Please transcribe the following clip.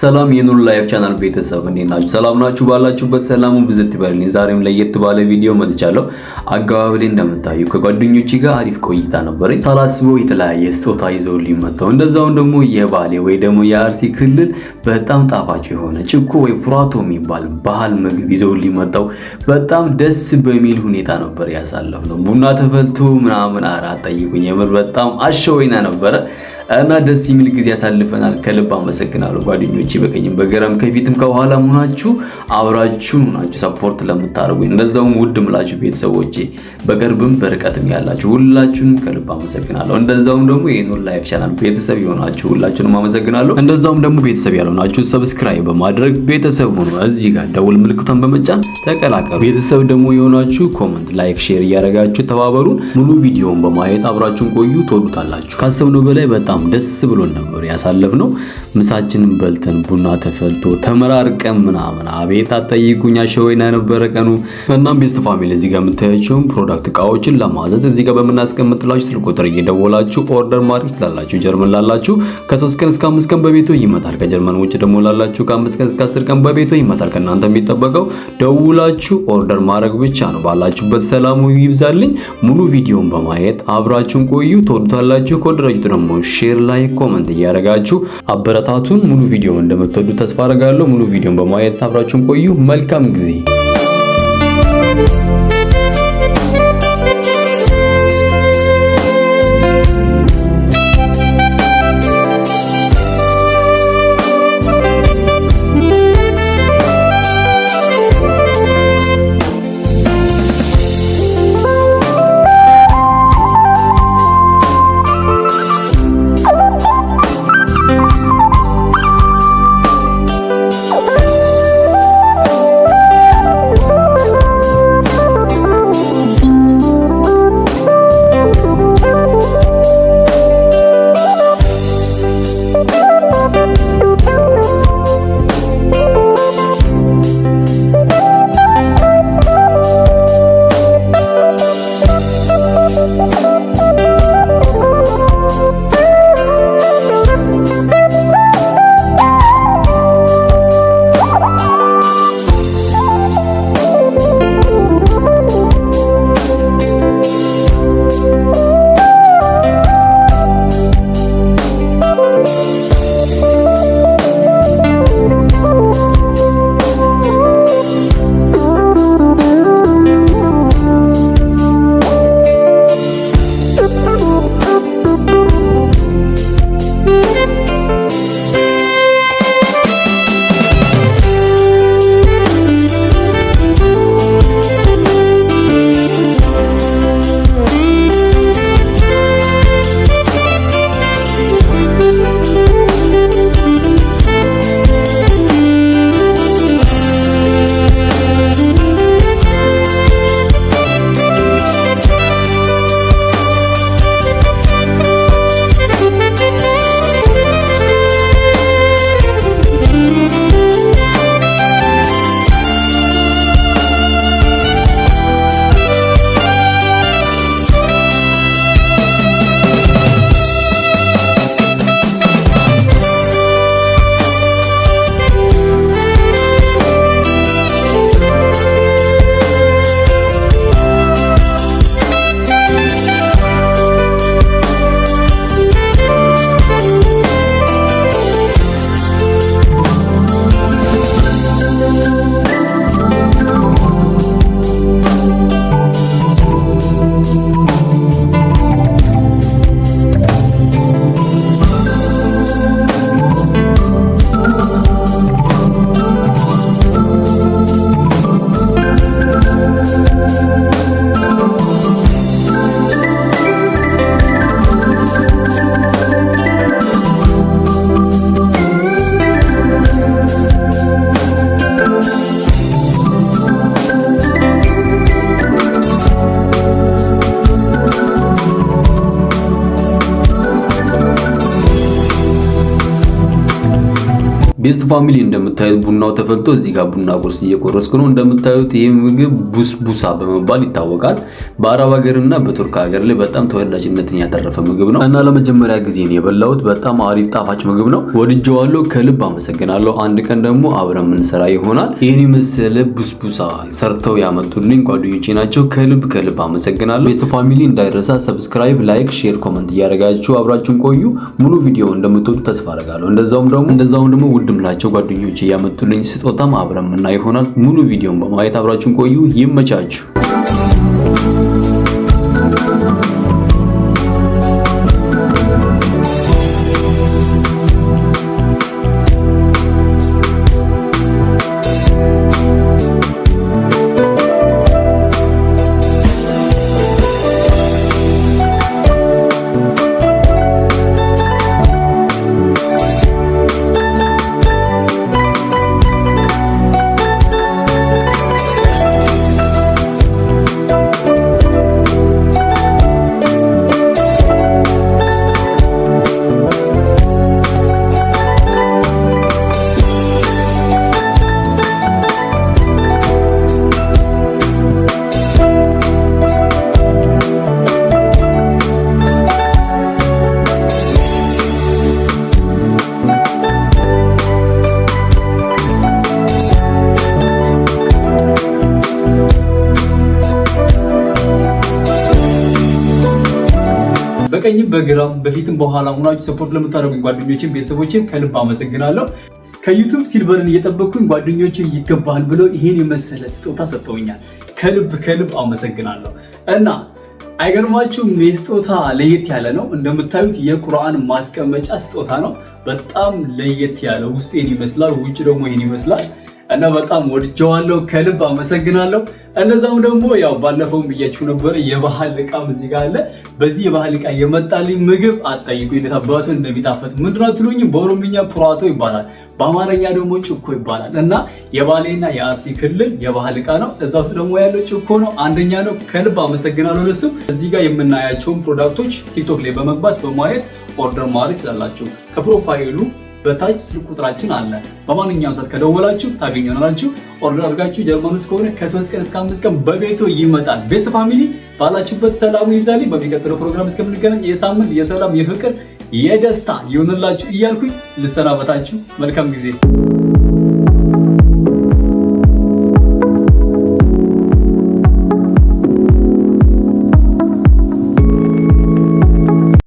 ሰላም የኑር ላይፍ ቻናል ቤተሰብ እንዴት ናችሁ? ሰላም ናችሁ? ባላችሁበት ሰላሙ ብዝት ይበልልኝ። ዛሬም ለየት ባለ ቪዲዮ መጥቻለሁ። አገባብ እንደምታዩ ከጓደኞቼ ጋር አሪፍ ቆይታ ነበረኝ። ሳላስበው የተለያየ ስጦታ ይዘውልኝ መጥተው፣ እንደዛውን ደግሞ የባሌ ወይ ደግሞ የአርሲ ክልል በጣም ጣፋጭ የሆነ ጭኮ ወይ ፕራቶ የሚባል ባህል ምግብ ይዘውልኝ መጥተው በጣም ደስ በሚል ሁኔታ ነበር ያሳለፍነው። ቡና ተፈልቶ ምናምን አራት ጠይቁኝ። የምር በጣም አሸወይና ነበረ እና ደስ የሚል ጊዜ ያሳልፈናል። ከልብ አመሰግናለሁ ጓደኞቼ፣ በቀኝም በግራም ከፊትም ከኋላ ሆናችሁ አብራችሁን ሆናችሁ ሰፖርት ለምታደርጉኝ እንደዛውም ውድ ምላችሁ ቤተሰቦቼ በቅርብም በርቀትም ያላችሁ ሁላችሁንም ከልብ አመሰግናለሁ። እንደዛውም ደግሞ ይህን ላይፍ ቻናል ቤተሰብ የሆናችሁ ሁላችሁንም አመሰግናለሁ። እንደዛውም ደግሞ ቤተሰብ ያልሆናችሁ ሰብስክራይብ በማድረግ ቤተሰብ ሆኖ እዚህ ጋር ደውል ምልክቷን በመጫን ተቀላቀሉ። ቤተሰብ ደግሞ የሆናችሁ ኮመንት፣ ላይክ፣ ሼር እያደረጋችሁ ተባበሩን። ሙሉ ቪዲዮውን በማየት አብራችሁን ቆዩ። ትወዱታላችሁ። ካሰብነው በላይ በጣም በጣም ደስ ብሎን ነበር ያሳለፍነው። ምሳችንን በልተን ቡና ተፈልቶ ተመራርቀን ምናምን አቤት አጠይቁኝ አሸወይና የነበረ ቀኑ። እናም ቤስት ፋሚሊ እዚህ ጋር የምታያቸውን ፕሮዳክት እቃዎችን ለማዘዝ እዚህ ጋር በምናስቀምጥላችሁ ስልክ ቁጥር እየደወላችሁ ኦርደር ማድረግ ላላችሁ ጀርመን ላላችሁ ከሶስት ቀን እስከ አምስት ቀን በቤቶ ይመጣል። ከጀርመን ውጭ ደግሞ ላላችሁ ከአምስት ቀን እስከ አስር ቀን በቤቶ ይመጣል። ከእናንተ የሚጠበቀው ደውላችሁ ኦርደር ማድረግ ብቻ ነው። ባላችሁበት ሰላሙ ይብዛልኝ። ሙሉ ቪዲዮን በማየት አብራችሁን ቆዩ። ተወዱታላችሁ። ከወደዳችሁ ደግሞ ሼር፣ ላይ ኮመንት እያደረጋችሁ አበረታቱን። ሙሉ ቪዲዮ እንደምትወዱ ተስፋ አደርጋለሁ። ሙሉ ቪዲዮን በማየት አብራችሁን ቆዩ። መልካም ጊዜ ቤስት ፋሚሊ እንደምታዩት ቡናው ተፈልቶ እዚህ ጋር ቡና ቁርስ እየቆረስኩ ነው። እንደምታዩት ይህ ምግብ ቡስቡሳ በመባል ይታወቃል። በአረብ ሀገርና በቱርክ ሀገር ላይ በጣም ተወዳጅነትን ያተረፈ ምግብ ነው እና ለመጀመሪያ ጊዜ ነው የበላሁት። በጣም አሪፍ ጣፋጭ ምግብ ነው። ወድጀዋለሁ። ከልብ አመሰግናለሁ። አንድ ቀን ደግሞ አብረን የምንሰራ ይሆናል። ይህን የመሰለ ቡስቡሳ ሰርተው ያመጡልኝ ጓደኞቼ ናቸው። ከልብ ከልብ አመሰግናለሁ። ቤስት ፋሚሊ እንዳይረሳ ሰብስክራይብ፣ ላይክ፣ ሼር፣ ኮመንት እያደረጋችሁ አብራችሁን ቆዩ። ሙሉ ቪዲዮ እንደምትወዱ ተስፋ አደርጋለሁ። እንደዛውም ደግሞ እንደዛውም ደግሞ ውድ ላቸው ጓደኞች እያመጡልኝ ስጦታም አብረምና ይሆናል። ሙሉ ቪዲዮን በማየት አብራችሁን ቆዩ። ይመቻችሁ። በቀኝም በግራም በፊትም በኋላ ሆናችሁ ሰፖርት ለምታደርጉኝ ጓደኞችን ቤተሰቦችን ከልብ አመሰግናለሁ። ከዩቱብ ሲልቨርን እየጠበቅኩኝ ጓደኞችን ይገባል ብለው ይሄን የመሰለ ስጦታ ሰጥተውኛል። ከልብ ከልብ አመሰግናለሁ እና አይገርማችሁም? የስጦታ ለየት ያለ ነው። እንደምታዩት የቁርአን ማስቀመጫ ስጦታ ነው። በጣም ለየት ያለ ውስጤን ይመስላል፣ ውጭ ደግሞ ይሄን ይመስላል። እና በጣም ወድጀዋለሁ። ከልብ አመሰግናለሁ። እነዛም ደግሞ ያው ባለፈው ብያችሁ ነበር፣ የባህል እቃም እዚህ ጋር አለ። በዚህ የባህል እቃ የመጣልኝ ምግብ አትጠይቁ እንዴት አባቱ እንደሚጣፈጥ ምንድነው ትሉኝ። በኦሮምኛ ፕሯቶ ይባላል፣ በአማርኛ ደግሞ ጭኮ ይባላል። እና የባሌና የአርሲ ክልል የባህል እቃ ነው። እዛ ውስጥ ደግሞ ያለው ጭኮ ነው፣ አንደኛ ነው። ከልብ አመሰግናለሁ። ልስም እዚህ ጋር የምናያቸውን ፕሮዳክቶች ቲክቶክ ላይ በመግባት በማየት ኦርደር ማድረግ ይችላላችሁ ከፕሮፋይሉ በታች ስልክ ቁጥራችን አለ። በማንኛውም ሰዓት ከደወላችሁ ታገኘናላችሁ። ኦርደር አድርጋችሁ ጀርመን ውስጥ ከሆነ ከሶስት ቀን እስከ አምስት ቀን በቤቶ ይመጣል። ቤስት ፋሚሊ ባላችሁበት ሰላሙ ይብዛልኝ። በሚቀጥለው ፕሮግራም እስከምንገናኝ የሳምንት የሰላም የፍቅር የደስታ ይሁንላችሁ እያልኩኝ ልሰናበታችሁ። መልካም ጊዜ